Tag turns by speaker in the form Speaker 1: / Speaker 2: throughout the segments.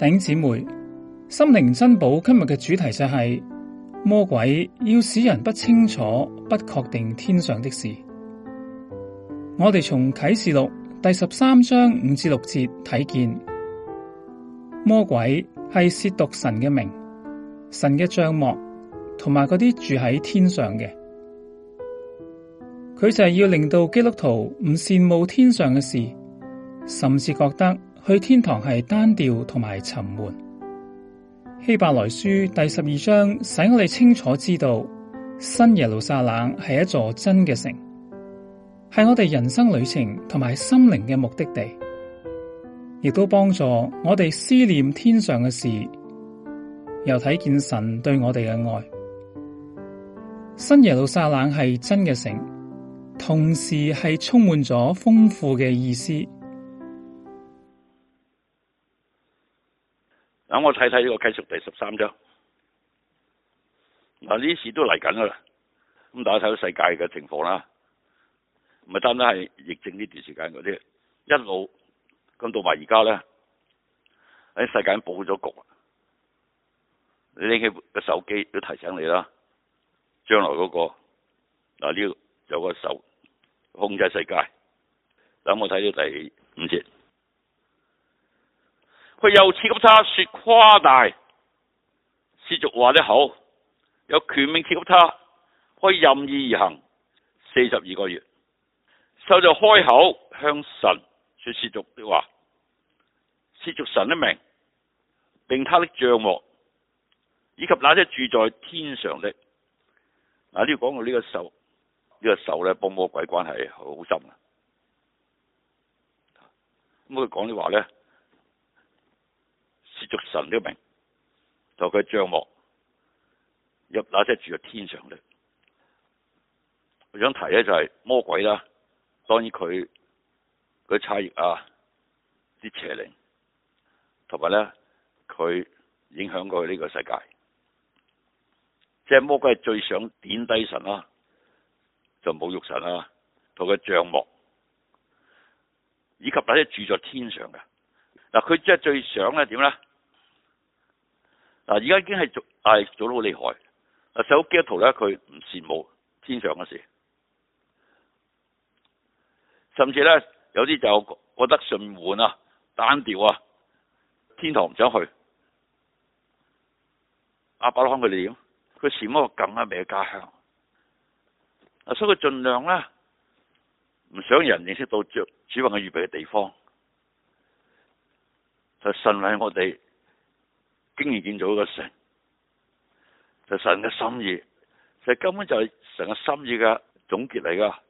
Speaker 1: 弟兄姊妹，心靈珍寶，今日嘅主題就係、是、魔鬼要使人不清楚、不確定天上的事。我哋從啟示錄第十三章五至六節睇見，魔鬼係褻瀆神嘅名、神嘅帳幕，同埋嗰啲住喺天上嘅。佢就係要令到基督徒唔羨慕天上嘅事，甚至覺得，去天堂係單調同埋沉悶。希伯來書第十二章使我哋清楚知道，新耶路撒冷係一座真嘅城，係我哋人生旅程同埋心靈嘅目的地，亦都幫助我哋思念天上嘅事，又睇見神對我哋嘅愛。新耶路撒冷係真嘅城，同時係充滿咗豐富嘅意思。
Speaker 2: 嗱，我睇睇呢個繼續第十三章。嗱，呢啲事都嚟緊啦。咁大家睇到世界嘅情況啦，唔係單單係疫症呢段時間嗰啲一路，咁到埋而家咧，喺世界佈好咗局。你拎起部手機都提醒你啦，將來嗰、嗰個嗱，呢度有個手控制世界。等我睇到第五節。佢又賜給他說誇大褻瀆話的口，又有權柄賜給他，可以任意而行四十二個月。獸就開口向神說褻瀆的話，褻瀆神的名，並他的帳幕，以及那些住在天上的。嗱，這個、呢度講到呢個獸，呢個獸咧幫魔鬼關係好深啊。咁佢講啲話咧？瀆神的名，就佢帳幕，入那些住喺天上嘅。我想提咧就係魔鬼啦，當然佢嗰啲差役啊、啲邪靈，同埋咧佢影響過呢個世界。即係魔鬼係最想貶低神啦、啊，就侮辱神啦、啊，同佢帳幕，以及那些住喺天上嘅。嗱、啊，佢即係最想咧點咧？嗱，而家已經係做，係做得好厲害。啊，手機嘅圖咧，佢唔羨慕天上嘅事，甚至咧有啲就覺得順換啊、單調啊，天堂唔想去。亞伯拉罕佢點？佢羨慕更加美嘅家鄉。啊，所以佢盡量咧，唔想人認識到著主啊嘅預備嘅地方，就信喺我哋。竟然見到一個城，就神嘅心意，就根本就係神嘅心意嘅總結嚟噶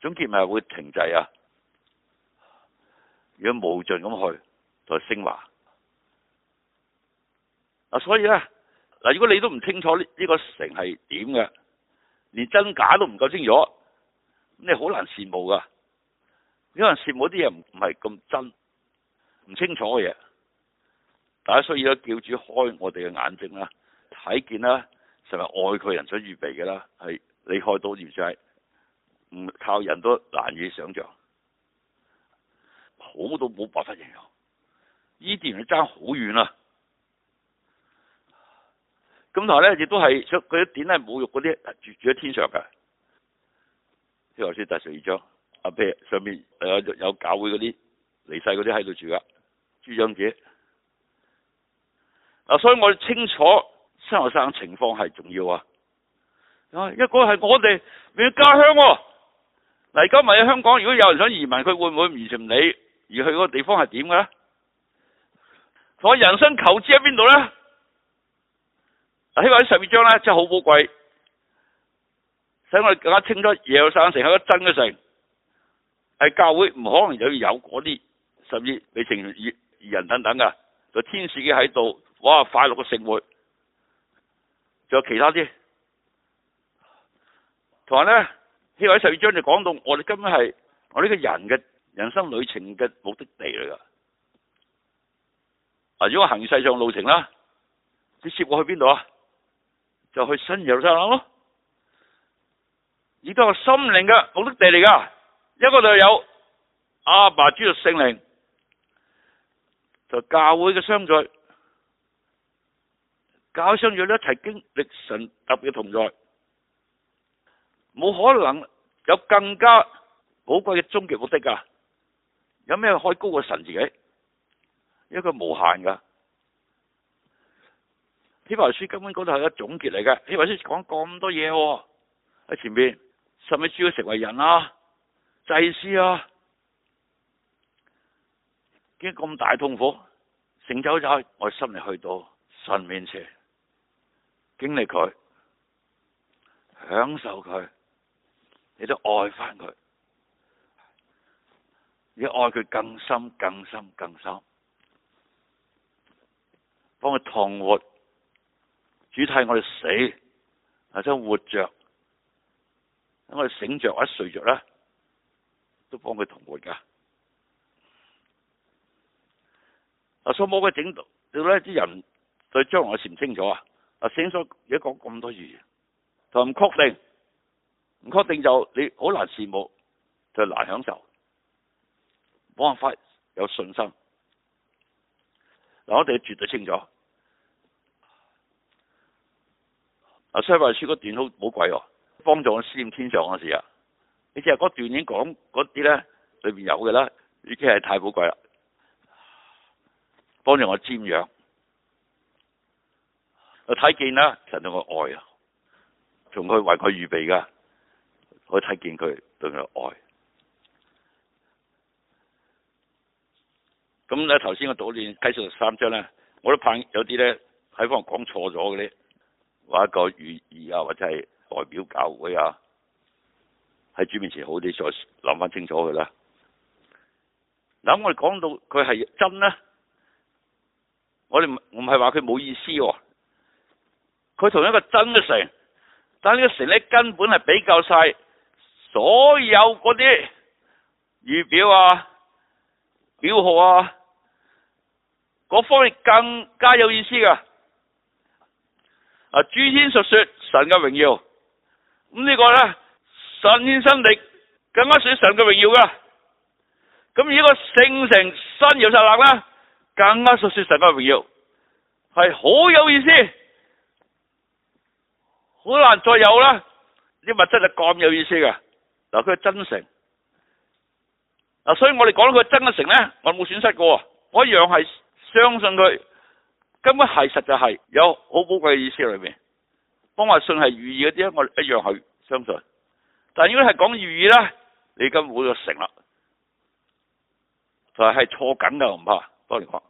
Speaker 2: 總結咪會停滯啊？如果無盡咁去，就係升華。嗱，所以咧，嗱，如果你都唔清楚呢呢個城係點嘅，連真假都唔夠清楚，你好難羨慕噶。因為羨慕啲嘢唔唔係咁真，唔清楚嘅嘢。大家需要咧，叫主開我哋嘅眼睛啦，睇見啦，成日愛佢人所預備嘅啦？係你開到，唔算唔靠人都難以想象，好到冇辦法形容。段呢啲人爭好遠啦，咁同埋咧，亦都係想佢啲點係侮辱嗰啲，住住喺天上嘅。《天路先，第十二章，阿 p 上面有有教會嗰啲離世嗰啲喺度住噶，朱張姐嗱，所以我哋清楚新學生的情況係重要啊！啊，一個係我哋你嘅家鄉。嗱，而家咪喺香港。如果有人想移民，佢會唔會唔完全不理而去嗰個地方係點嘅咧？我人生求知喺邊度咧？嗱，希望啲十二章咧真係好寶貴，使我哋更加清楚耶和山城係一個真嘅城。喺教會唔可能又有嗰啲十二未成人等等嘅，個天使亦喺度。哇、哦！快樂嘅生活，仲有其他啲。同埋咧，呢位十二章就講到我今，我哋根本係我呢個人嘅人生旅程嘅目的地嚟噶。啊，如果行世上路程啦，你接我去邊度啊？就去新耶路撒冷咯。家個心靈嘅目的地嚟噶，一個就有阿爸主耶穌聖靈，就教會嘅相聚。教友相遇一齊經歷神特別同在，冇可能有更加寶貴嘅終極目的啊！有咩可以高過神自己？因為佢無限噶，《希伯來書》根本嗰度係一個總結嚟嘅，《希伯來書》講咁多嘢喎，喺前邊甚至需要成為人啊、祭司啊，經咁大痛苦成就就係我心裏去到神面前。經歷佢，享受佢，你都愛返佢，要愛佢更深、更深、更深，幫佢同活。主替我哋死，或者活着，咁我哋醒着，或者睡着，咧，都幫佢同活噶。阿蘇摩嘅整到，到底啲人對將來係唔清楚啊？啊！聖所而家講咁多字嘢，就唔確定，唔確定就你好難羨慕，就難享受。冇辦法有信心。嗱，我哋絕對清楚。西啊，書法書嗰段好好貴喎，幫助我思念天上嗰時啊！你知啊，嗰段已經講嗰啲咧，裏面有嘅啦，已經係太寶貴啦，幫助我瞻仰。我睇見啦、啊，神仲我愛啊，仲去為佢預備噶，我睇見佢對佢愛。咁咧頭先我讀嗰段《啟十三章咧，我都怕有啲咧喺方講錯咗嘅咧，話一個寓意，啊，或者係代表教會啊，喺主面前好啲，再諗翻清楚佢啦。嗱，我哋講到佢係真咧，我哋唔唔係話佢冇意思喎、啊。佢同一個真嘅城，但呢個城咧根本係比較細，所有嗰啲預表啊、表號啊，嗰方面更加有意思噶。啊，諸天述說神嘅榮耀，咁呢個咧神天身力更加述說神嘅榮耀噶。咁而呢個聖城新耶路撒冷啦，更加述說神嘅榮耀，係好有意思。好難再有啦！啲物質就咁有意思㗎。嗱，佢係真誠，嗱，所以我哋講到佢真嘅誠咧，我冇損失過，我一樣係相信佢。根本係實就係有好寶貴嘅意思喺裏邊。當我話信係寓意嗰啲，我一樣係相信。但如果係講寓意咧，你今冇咗誠啦，就係錯緊噶，唔怕，不勉強。